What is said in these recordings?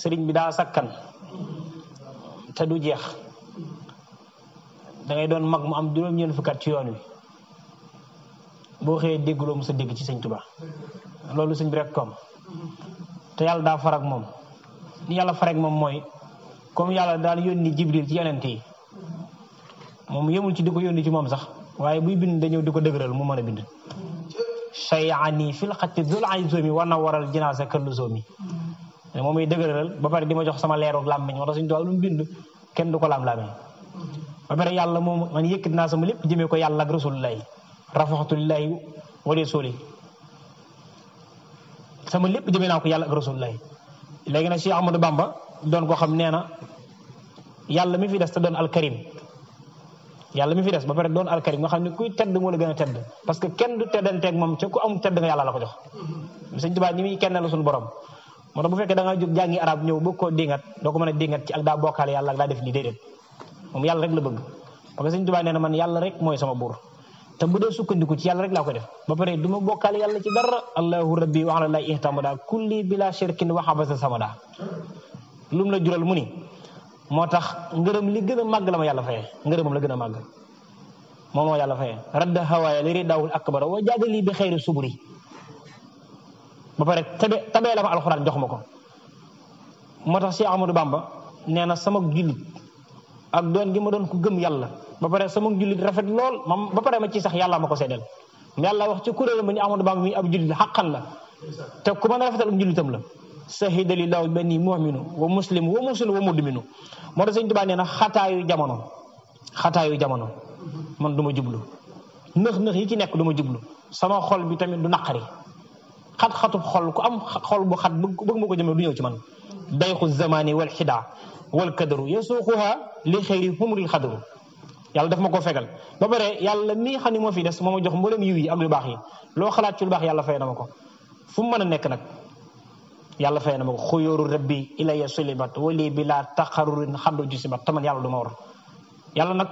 sëriñ bi daa sakkan te du jeex dangay doon mag mu am juróom-ñeent fukkat ci yoon wi boo xëyee déggloo mu sa dégg ci sëñ Tuubaa loolu sëñ bi rek koom te yàlla daa farak moom li yàlla farak moom mooy comme yàlla daal yoon yónni jibril ci yeneen yi moom yëmul ci di ko yónni ci moom sax waaye buy bind dañëw di ko dëgëral mu man a bind chayani fil xatti dul ay yi war na waral jinaasa këllu yi ne moom muy dëgëral ba pare di ma jox sama leeru làmmiñ moo tax suñu tubaab lu mu bind kenn du ko laam-laame ba pare yàlla moom man yëkkati sama lépp jëmee ko yàlla ak rasulullah rafaxatulillahi wa rasuli sama lépp jëmee ko yàlla ak rasulullah léegi nag Cheikh Ahmadou Bamba doon ko xam nee na yàlla mi fi des te doon alkarim yàlla mi fi des ba pare doon alkarim nga xam ne kuy tedd moo la gën tedd parce que kenn du teddanteeg moom ca ku amul tedd nga la ko jox sëñ Tuubaa ni muy kenn la suñu borom moo tax bu fekkee da nga jóg jàngi arab ñëw bëgg koo dingat doo ko mën a dingat ci ak daa bokkaale yàlla ak daa def lii déedéet moom yàlla rek la bëgg parce que sëñ Tuubaa nee na man yàlla rek mooy sama buur te bu dee sukkandiku ci yàlla rek laa ko def ba pare du ma bokkaale yàlla ci dara allahu rabbi wax na lay ihtamada kulli bila shirkin waxabasa samada lu mu la jural mu ni moo tax ngërëm li gën a màgg la ma yàlla fayee ngërëmam la gën a màgg moom moo yàlla fayee radda hawaaya li ri daawul akbara wa jaaga lii bi xayri suburi ba pare tabe tabee la ma alxuraan jox ma ko moo tax si Amadou Bamba nee na sama jullit ak doon gi ma doon ku gëm yàlla ba pare sama jullit rafet lool mam ba pare ma ci sax yàlla ma ko seddeel yàlla wax ci kuréelam ba ni Amadou Bamba mi ab jullit xaqan la te ku mën a rafetal um jullitam la sahida lillaahu benni mu'minu wa muslim wa muslim wa mudminu moo tax sëñ Tuubaa nee na xataayu jamono xataayu jamono man duma jublu nëx nëx yi ci nekk du ma jublu sama xol bi tamit du خط خط خل أم خل بخط بق بق مجمع الدنيا وجمان ضيق الزمان والحدا والكدر يسوقها لخير هم للخدر يلا دف مكو فقل ببرة يلا مي خني ما في دس ما مجخ مول ميوي أغلب باقي لو خلاص كل باقي يلا فينا مكو فم من النكنك يلا فينا مكو خيور ربي إلى يسوع لبات ولي بلا تقرر خمر جسمات تمن يلا دمور يلا نك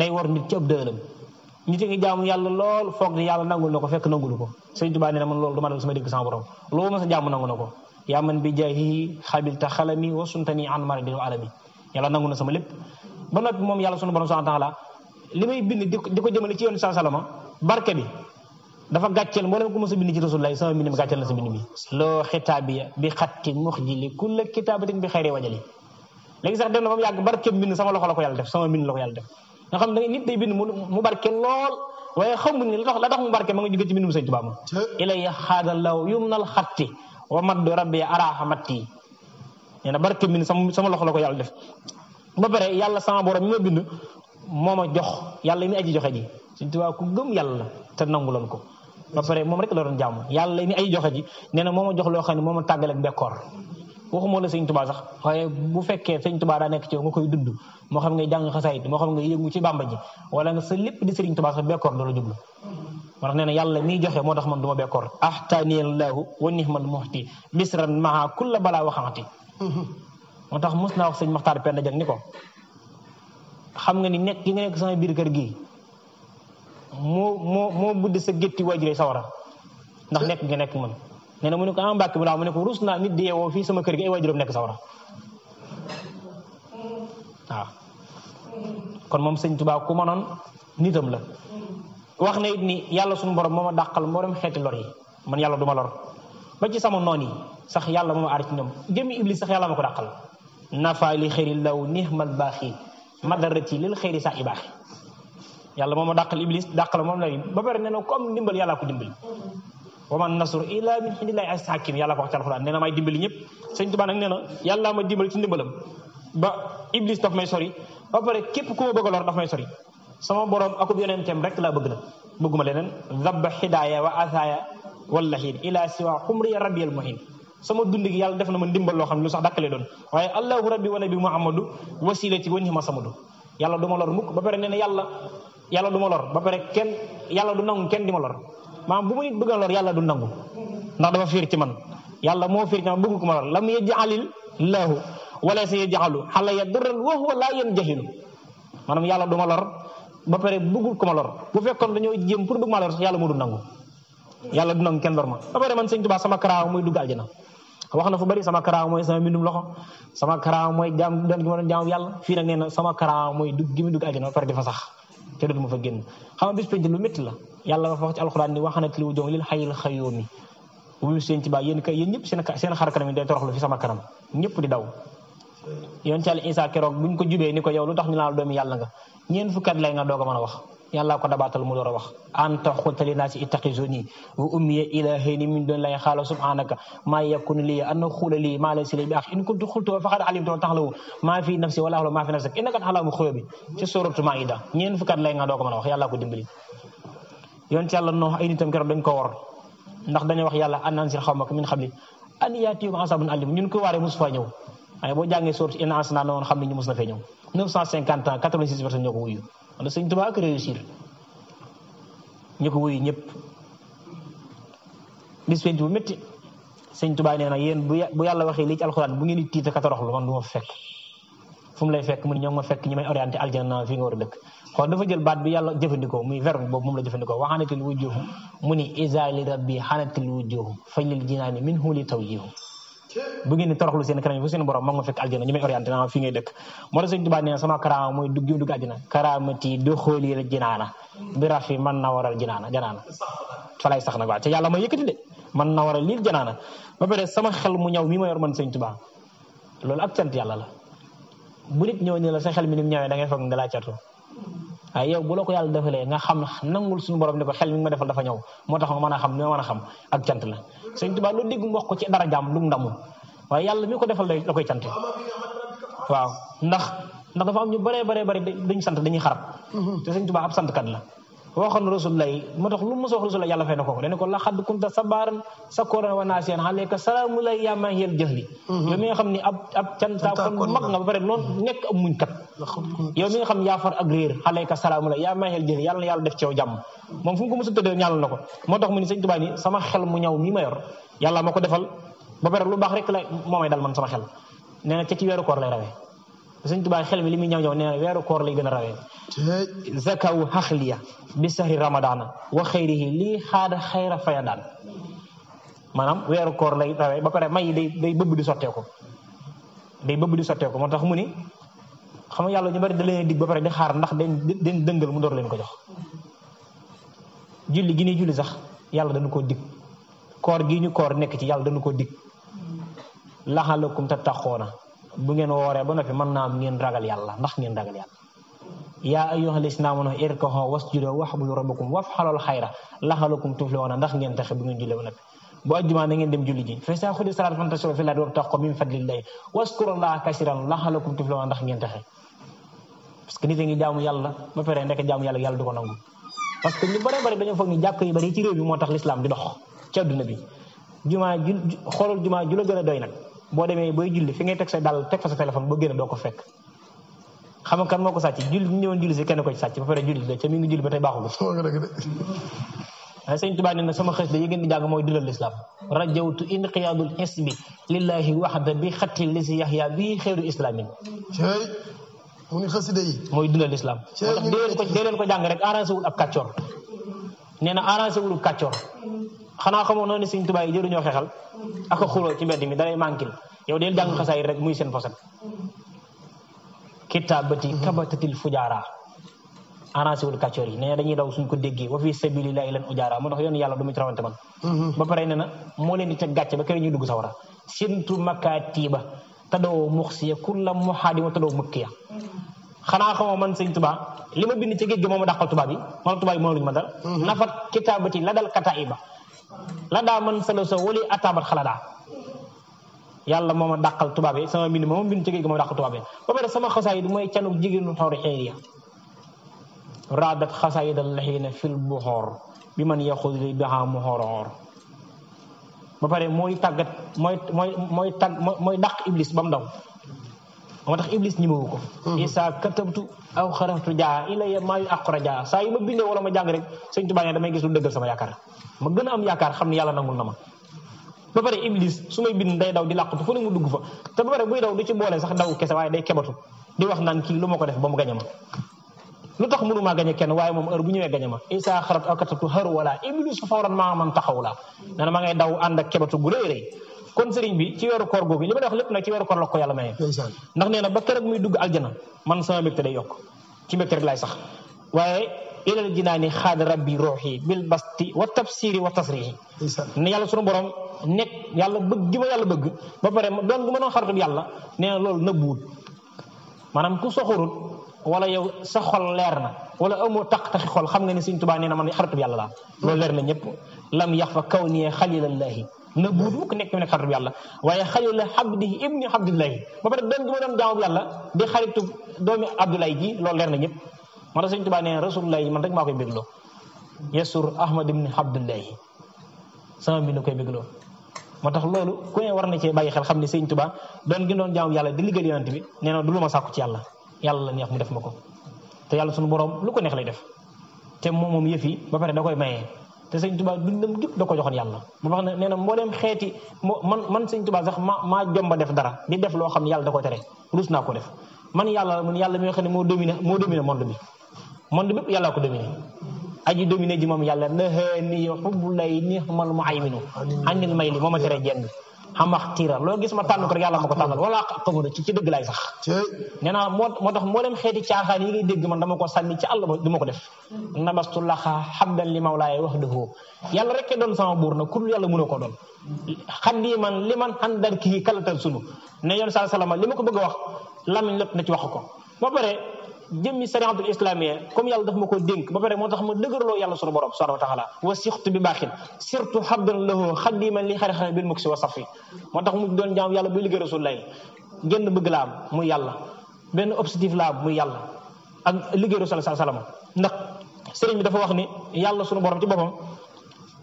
نيور نتجب دلم nit ngi jaamu yalla lool foog ni yalla nangul nako fekk nangul ko sëñ tubaa nee na man lool duma ma dal sama deug sama borom lo ma sa jaamu nangul nako ya man bi khabil ta khalami wa suntani an maradi wa alami yalla nangul na sama lepp ba nak mom yalla sunu borom subhanahu taala limay bind diko jëmele ci yoon sa salama barke bi dafa gàcceel mo le ko musa bind ci rasulullah sama mbind mi gàcceel na sa bind mi lo khitabi bi khatti mukhjili kulla kitabatin bi xayri wajali legi sax dem na ba yag barke bind sama loxo la ko yalla def sama bind la ko yalla def Nah, nga xam ini nit day bind mu barke lool waye xamuñ ni la tax mu barke ma nga jige ci touba sëñ ila ya law yumnal khatti wa mad rabbi arahamati ina nee barke sama sama loxo la ko yalla def ba bare yalla sama borom mo bind moma jox yalla ni aji joxe ji seigne touba ku gëm yalla te nanguloon ko ba bare mom rek la doon jamm yalla ni aji joxe ji neena moma jox lo moma tagal ak bekor waxuma la sëñ tubaa sax waaye bu fekkee sëñ tubaa daa nekk ci yow nga koy dund moo xam nga jàng xasaayit moo xam nga yëngu ci bàmba ji wala nga sa lépp di sëriñ tubaa sax bekkoor doola jublu moo na yàlla miy joxe moo tax man du ma bekkoor ahtaniyallahu wa nihmal muxti bisran maa kulla balaa waxaati moo tax mos naa wax sëñ maxtaar penda jang ni ko xam nga ni nekk gi nga nekk sama biir kër gii moo moo moo sa gétti waajure sawara ndax nekk nga nekk man nee na mu ne ko ah mbàkk bi laaw mu ne ko rus naa nit di yeewoo fii sama kër gi ay waajuram nekk sawara waaw kon moom sëñ Tuubaa ku mënoon nitam la wax na it ni yàlla suñu borom moo ma dàqal mboolem xeeti lor yi man yàlla duma ma lor ba ci sama noon yi sax yàlla moo ma aar ci ñoom jëmmi iblis sax yàlla ma a dàqal nafa li xëri law nihmal baaxi madarati lil xëri saa i baaxi yàlla moo ma dàqal iblis dàqal moom la ba pare nee na comme ndimbal yàllaa ko dimbali waman nasru illa min indillahi as hakim yàlla ko wax ci alxuraan nee na may dimbali ñëpp sëñ Tuubaa nag nee na yàllaa ma dimbali ci ndimbalam ba iblis daf may sori ba pare képp ku ma bëgg a lor daf may sori sama borom akub yonenteem rek laa bëgg na bëgguma leneen dabba xidaaya wa athaya wallahin ila siwa xumriya rabbi al muhin sama dund yàlla def na ma ndimbal loo xam ne lu sax dakkalee doon waaye allahu rabbi wa nabi muhammadu wasilati wa nihma samadu yàlla du ma lor mukk ba pare nee na yalla yàlla du ma lor ba pare kenn yalla du nangu kenn di ma lor maam bu ma nit bëggal lor yalla du nangu ndax dafa fiir ci man yalla mo fiir ci man bëgg ko ma lor lam yaj'alil lahu wala sa yaj'alu xala ya wa huwa la yanjahil manam yalla duma lor ba pare bëggul ko ma lor bu fekkon dañu jëm pour bëgg ma lor yalla mo du nangu yalla du nangu kenn lor ma ba pare man sama karaaw mooy dugal aljana wax na fu bari sama karaaw moy sama mbindum loxo sama karaaw moy jam doon gi ma doon jaamu yàlla fii sama karaaw moy dugg gi mi dugg aljana par sax te dootuma fa génn xam nga bis penc lu métti la yàlla dafa wax ci alxuraan ni waxanat li wujuuhum lil hayyil qayyuum bu bis penc ba yéen kay yéen ñëpp seen seen xar kanam yi day toroxlu fi sama kanam ñëpp di daw yoon ci àll Isaa keroog buñ ko jubee ni ko yow lu tax ñu naan doomi yàlla nga ñeent fukkat lay nga doog a mën a wax yalla ko dabatal mu dora wax anta khultali nasi ittaqizuni wa ummi ilahaini min dun la khala subhanaka ma yakun li an khula li ma laysa li bi akh in kuntu khultu faqad alimtu tahlu ma fi nafsi wala hawla ma fi nafsik innaka alamu khuyubi ci suratu maida ñeen fukat lay nga do ko mëna wax yalla ko dimbali yonent yalla no ay nitam kero dañ ko wor ndax dañu wax yalla an ansir xawmak min xamli an yatihum asabun alim ñun ko waré musufa ñew ay bo jangé suratu in asna non xamni ñu musna fe ñew 950 ans 86 verset ñoko wuyu wala sëñ Tuubaa ko réussir ñu ko wuyu ñëpp bis penc bu métti sëñ Tuubaa nee na yéen bu yàlla waxee lii ci alxuraan bu ngeen di tiita katoroxlu man du ma fa fekk fu mu lay fekk mu ne ñoo ma fekk ñi may orienté aljana fi nga war a dëkk xool dafa jël baat bi yàlla jëfandikoo muy verbe boobu moom la jëfandikoo waxanatil wujuhu mu ni isa li rabbi xanatil wujuhu fajlil jinaani min hu li taw jihu bu ngeen di toroxlu seen kanam bu seen borom ma nga fekk aljana ñu may orienté na fi ngay dëkk mo tax sëñ tubaa nee sama karam moy dugg dugg aljana karaamati du la jinaana bi rafi man na waral jinaana janaana fa lay sax nak waa ci yalla ma yëkëti de man na waral lil janaana ba pare sama xel mu ñaw mi ma yor man sëñ tubaa lool ak cant yalla la bu nit ñëw ni la sa xel mi nim ñawé da ngay foog da la ciatu ay yow bu la ko yàlla nga xam nangul suñu borom ni ko xel mi ma defal dafa ñaw motax nga xam ni mëna xam ak cant la sëñ Tuubaa lu dégg mu ko ci dara jaam lu mu ndamu waaye yàlla mi ko defal la koy cante waaw ndax ndax dafa am ñu bëree bëree bëri dañu sant dañuy xarab mm-hmm. te sëñ Tuubaa ab sant kat la waxon rasulullah motax lu mu rasulullah yalla fay nako na ko la khad kunta sabaran sakooran wa nasian alayka la ya ma hiya jahli mhm. yo mi xamni ab ni ab ab ta kon mag nga ba pare noonu mhm. nekk ab muñ kat yo mi xam ya far ak alayka salaamullahi yaa maa hiyal jahli yàlla yalla yàlla def ci yow jam mom fu ko mos tedde ñal nako motax mu ni seigne touba ni sama xel mu ñaw mi ma yor yalla mako defal ba pare lu bax rek la momay dal man sama xel neena ci ci wéru kor lay rawé sëñ Tuubaa xel mi li muy ñaw ñaw nee na weeru koor lay gën a rawee zakaw xaxliya bi sahri ramadana wa xayrihi lii xaada xayra fayadaan maanaam weeru koor lay ba pare may day day bëbb di sotteeku day bëbb sotteeku moo tax mu ni xam nga yàlla ñu bari da leen dig ba pare di xaar ndax da dëngal mu door leen ko jox julli gi ni julli sax yàlla dañu koo dig koor gi ñu koor nekk ci yàlla dañu koo dig laxalakum tattaxoona bu ngeen wooree ba noppi mën naa ngeen ragal yàlla ndax ngeen ragal yàlla yaa ayyuhal islaamuna irkahu wasjudu wa'budu rabbakum wafhalul xayra laxalakum tuflihuna ndax ngeen taxe bu ngeen julle ba noppi bo ajjumaa na ngeen dem julli ji fa sa khudi salat salaat fantasiro fi laat wabtaxu min fadlillah waskurullaha kaseeran laxalakum tuflihuna ndax ngeen taxe parce que nit ngi jaamu yalla ba pare nekk jaamu yalla yalla duko ko nangu parce que ñu bare bari dañu fogg ni jakk yi bari ci réew bi mo tax l'islam di dox ci aduna bi juma ju xoolal jumaa ju la gën doy nak boo demee boy julli fi ngay teg sa dal teg fa sa téléphone boo génn doo ko fekk xam nga kan moo ko sàcc julli ñu ñëwoon julli si kenn ko ci sàcc ba pare julli la ca mi ngi julli ba tey baaxul waaye sëñ Tuubaa nee na sama xës la yi ngeen di jàng mooy dilal lislaam rajawtu inqiyaadul isbi lillahi waxda bi xatti lisi yaxya bi xeeru islaamin mu ngi xasida yi mooy dundal islam moo tax dee leen ko jàng rek arrangé wul ab kàccoor nee na arrangé wul kàccoor xanaa xamoo noonu Sëriñ Tuubaa yi jëruñoo xeexal ak a xuloo ci mbedd mi dalay manquil yow del jàng xasaay rek muy seen posam kitaabati kabatatil fujaara arrangé wul kàccoor yi nee na dañuy daw suñ ko déggee wa fi sabilillahi lan ujaara moo tax yoon yàlla du muy trawante man mhm. ba pare ne na moo leen di teg gàcce ba kër ñuy dugg sawara sintu makaatiba tadoo muxsiya kulla muhaadima tadoo mukkiya xanaa xamoo man sëñ tubaa li ma bind ci géej gi moom a dàqal tubaab yi moom tubaab yi moo luñu ma dal mhm. nafat kitaabati la dal kataiba landaa man felo sa wali atabat xaladaa yàlla mooma dàqal tubaab yi sama mbind mooma mbind ci géej gi mooma dàqal ba pare sama xasaayid mooy canuk jigéenu xawri xeer ya raadat xasaayid allaxiina fil buxoor bi man yaxud li bihaa muxoor ba pare mooy tàggat mooy mooy mooy tàgg mooy dàq iblis ba mu daw moo tax iblis ñimawu ko mhm. isa katabtu aw xaraftu jaa ilaya maayu àqura jaa saa yu ma bindee wala ma jàng rek sëñ Tuubaa ne damay gis lu dëggal sama yaakaar ma a am yaakaar ma ba su may bind daw di làqatu fu ne mu dugg fa te ba pare buy daw du ci boole sax daw kese waaye day kebatu di wax naan kii lu ma ko def ba mu gañe ma lu tax mënumaa gañe kenn waaye moom heure bu ñëwee gañe ma isa xaraftu aw katabtu xër wala iblis fawran maa man taxaw la nee na ma ngay daw ànd ak kebatu gu rëy rëy kon serigne bi ci wéru koor googu lima ma lepp na ci wéru koor la ko yalla maye ndax neena ba muy dugg aljana man sama mbégte day yok ci mbégte rek lay sax waaye ilal jinaani khad rabbi ruhi bil basti wa tafsiri wa tasrih ni yalla sunu borom nek yalla bëgg gi ma yalla bëgg ba pare don gu ma doon xaritum yàlla nee na loolu manam ku soxorul wala yow sa xol leer wala tak tak xol xam nga ni touba neena man yalla la lool leer na ñepp lam yakhfa fa khalilallahi na buut mukk nekk mu nekk xaritu yàlla waaye xalilu abdihi ibni abdillahi ba pare doon gi ma doon jaamu yàlla di xaritu doomi abdoulaye ji loolu leer na ñëpp moo tax sëñ Tuubaa nee rasulullahi man rek maa koy bégloo yasur ahmad ibni abdullahi sama mbind koy bégloo moo tax loolu ku war na cee bàyyi xel xam ne sëñ Tuubaa doon gi doon yàlla di liggéey yonent bi nee na du lu ma sàkku ci yàlla yàlla la neex mu def ma ko te yàlla sunu borom lu ko neex lay def te moom moom yëf ba pare da koy maye te sëñ Tuubaa bindam gépp dako ko yàlla bu wax ne na mbolem xeti man man sëñ Tuubaa sax ma maa jomba def dara di def lo xamni yàlla dako tere rus na ko def man yàlla mun yàlla mi xamni mo ne moo dominé moo dominé monde bi monde bi yalla ko dominé aji dominé ji mom yàlla naxëni xubu lay ni xamal mu ay minu andil may tere jenn xamaxtiira loo gis ma tànn ko rek yàlla ma ko tànnal wala xabaru ci ci dëgg laay sax nee naa moo moo tax moo leen xeeti caaxaan yi ngay dégg man dama ko sànni ci àll ba du ma ko def nabastu laxa xabdan li mawlaaya wax dëfoo yàlla rek doon sama buur na kul yàlla mënoo ko doon xandi man li man xandar kii kalatal sunu ne yoon saa salama li ma ko bëgg a wax lamiñ lot na ci wax ko ba pare jëmmi sariatul islamiyya comme yàlla daf mako ko dénk ba pare motax tax ma dëgërloo yàlla sunu borom subhanahu wa taala wa sixtu bi baaxin sirtu xabdan lahu khadiman li xari bil muksi wa safi motax mu doon jaam yàlla buy liggéey rasul lay génn bëgg la am muy yàlla ben objectif la am muy yàlla ak rasulullah sallallahu alayhi wasallam ndax serigne bi dafa wax ni yàlla sunu borom ci bopam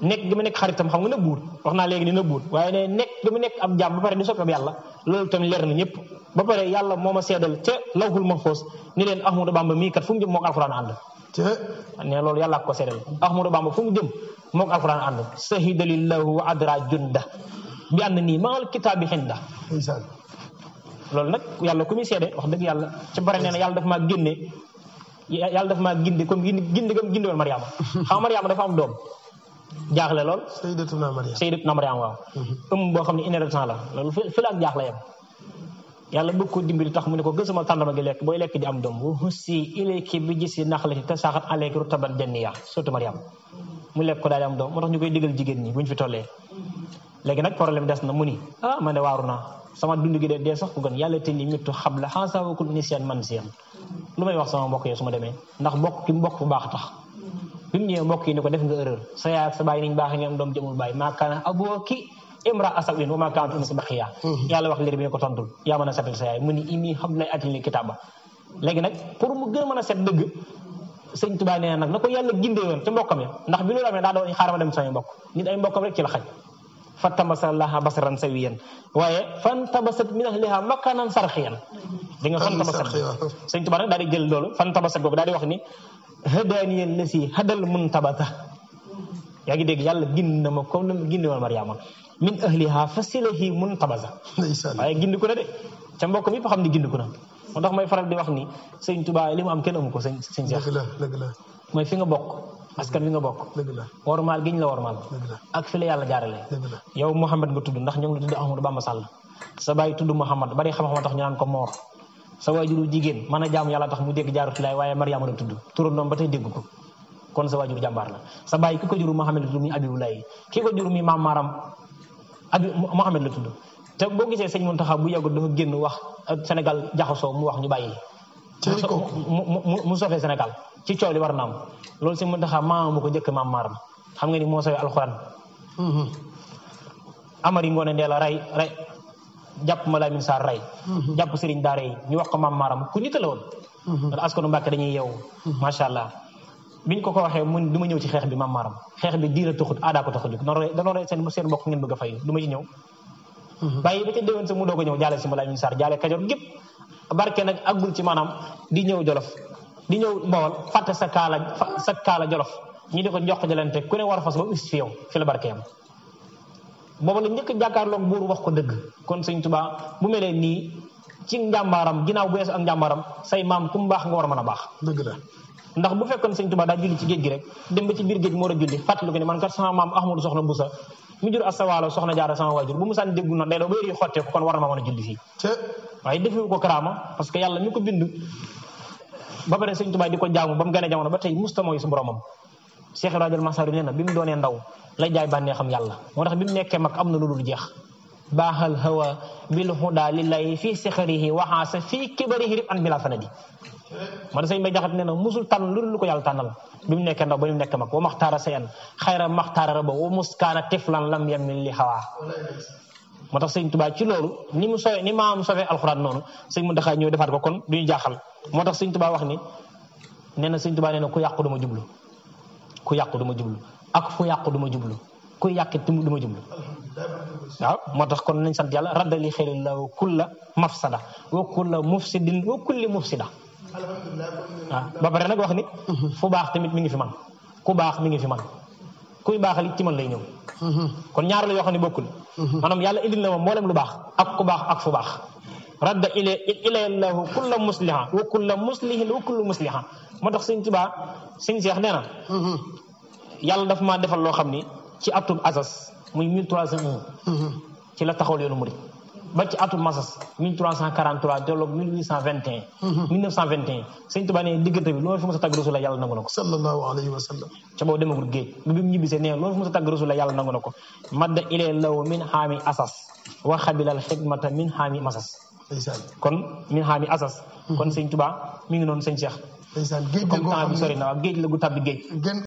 nek gi mu nek xaritam xam nga na bur waxna naa ni na bur waye ne nekk gi mu nek am jaam ba pare ni sokkam yàlla loolu tamit leer na ñëpp ba pare yàlla moo ma seedal ca lawhul mahfuz ni leen Ahmadou Bamba mii kat fu mu jëm moog alxuraan ànd. loolu yàlla ko seedal Ahmadou Bamba fu mu jëm moog alxuraan ànd sahida lillahu wa adra junda bi ànd nii maal kitaabi xinda loolu nag yàlla ku muy seede wax dëgg yàlla ca bare nee na yàlla daf maa génne yàlla dafa maa gindi comme gindi gindi gam gindi woon Mariama xam Mariama dafa am doom. jaaxle lool. Sayyidatuna Maryam Sayyidatuna Maryam waaw. Mhm. ëmb boo xam ne inadvertent la loolu fi la ak jaaxle yam yàlla bëgg ko dimbali tax mu ne ko gësuma tàndama gi lekk booy lekk di am doom bu hussi ilayki bi gisi naxlati te saxat alayki rutaban janniya surtout Mariam mu lekk ko daal di am doom moo tax ñu koy digal jigéen ñi buñ fi tollee léegi nag problème des na mu ni ah man de waaru naa sama dund gi de dee sax ku gën yàlla te li mittu xam la xansa wakul nisyan man siyan lu may wax su ma demee ndax bokk ki mbokk bu baax bi mu ñëwee mbokk yi ni ko def nga erreur sa yaay sa bàyyi nañ baax ñoom doom jëmul bàyyi maakaana abooki imra asawin wa maakaana tumu si baqiya yàlla wax liir bi ne ko tontul yaa mën a sa yaay mu ni imi xam lay atil kitaaba léegi nag pour mu gën a set dëgg sëñ tubaa nee nag na ko yàlla gindee ci mbokkam ya ndax bi loolu amee daa doon xaaral ma dem sama mbokk nit ay mbokkam rek ci la xaj fatabasalaha basran sawiyan waaye fantabasat min ahliha makanan sarxiyan di nga fantabasat sëñ dari nag daal di jël loolu fantabasat boobu daal di wax ni hadaaniya lasi hadal muntabata yaa ngi dégg yàlla gindi na ma comme na gindi woon Mariama min ahliha fasilahi muntabasa waaye gindi ko na de ca mbokk mi yëpp xam ne gindi ko na moo tax di wax ni sëñ li mu am kenn amu ko sëñ sëñ Seex dëgg la mooy fi nga bokk askan wi nga bokk wormaal gi ñu la wormaal ak fi la yàlla jaarale yow Mouhamed nga tudd ndax ñoom la tudd Ahmadou Bamba Sall sa bàyyi tudd Mouhamed bari xam-xam tax ñu naan ko moor sa wajuru mana mana a yalla tax mu deg jaaru filaay lay waye maryam do tuddu turum non batay deg ko kon sa wajuru jambar la sa bàyyi kiko juru muhammad la tudd muy abibulaay ki juru mi maam maaram abi muhammad la tuddu te bo gisee seigne muntaha bu yàggul dafa genn wax senegal jaxasoo mu wax ñu bàyyi mu sofé senegal ci coow li war na am loolu sëñ maam ko njëkk xam nga ni hmm amari ngone ndela ray ray japp ma lamin saar rey mhm. jàpp sëriñ daara yi ñu wax ko mam maram ku nit la woon wala askanu mbàkke dañuy ma sha allah biñ ko ko waxe mun duma ñew ci xex bi mam maram xex bi diira taxut ada ko taxut jóg da no rey seen sen ngeen bëgg fay duma ci ñew bayyi ba ci deewon sa mu dogo ñew jale ci si ma min sar jaale kajor barke nak agul ci manam di ñew jolof di ñew bawal fatte sa kala sa kala jolof ñi di ko jox jalante ku ne war fas ba us fi fi la am booba la njëkk jàkkaarloog buur wax ko dëgg kon sëñ Tuubaa bu melee nii ci njàmbaaram ginaaw bu weesu ak njàmbaaram say maam ku mu baax nga war a mën a baax dëgg la ndax bu fekkoon sëñ Tuubaa daa julli ci géej gi rek dem ba ci biir géej moo war a julli fàttaliku ne man kat sama maam Ahmadu soxna Busa mu jur asawaalo soxna jaara sama waajur bu mu saan déggu na day doo ba yëri xotteeku kon war na ma a julli fii waaye defewu ko karaama parce que yàlla ñu ko bind ba pare sëñ Tuubaa di ko jaamu ba mu gane jamono ba tey musta mooy su boromam Cheikh radjal Masari neena nendau doone ndaw la jay bànneexam yàlla moo tax jeex bahal hawa bil huda lillahi fi wa hasa fi kibrihi an bila sanadi man sey may jaxat neena musul tan lulul ko yalla tanal bi mu ndaw ba ñu mak wa makhtara sayan khayra makhtara raba wa muskana tiflan lam yamil li hawa motax seigne touba ci lolu ni mu sowe ni maam sowe alquran noonu seigne mu daxaa ñëw ko kon duñu jaxal motax seigne touba wax ni neena seigne touba neena ku yaqku dama jublu ku yàqu du ma jublu ak fu yàqu du ma jublu ku yàqit du ma jublu waaw moo tax kon nañ sant yàlla raddali xelil la kulla mafsada wa kulla mufsidin wa kulli mufsida waaw ba pare nag wax ni fu baax tamit mu ngi fi man ku baax mi ngi fi man kuy baaxal it ci man lay ñëw mhm. kon ñaar la yoo xam ne bokkul mhm. maanaam yàlla indil na moo mboolem lu baax ak ku baax ak fu baax radda ila ilayallahu kulla musliha wa kulla muslihin wa kulla musliha moo tax sëñ tubaa sëñ seex nee na yàlla dafa maa defal loo xam ni ci atum asas muy 1301 ci la taxawal yoonu murid ba ci atum masas 1343 dialogue 1821 1921 sëñ tubaa nee diggante bi loolu fi mos a tàgg rasula yàlla nangu na ko sallallahu alayhi wa sallam ca boobu demagul géej bi bi mu ñibbisee nee loolu fi mos a tàgg rasula yàlla nangu na ko madda ilayallahu min haami asas wa xabilal xidmata min haami masas kon min xaami asas kon mhm. sëñ Tuubaa mu ngi noonu sëñ Cheikh. comme temps bi sori na waaw géej la gu tàbbi géej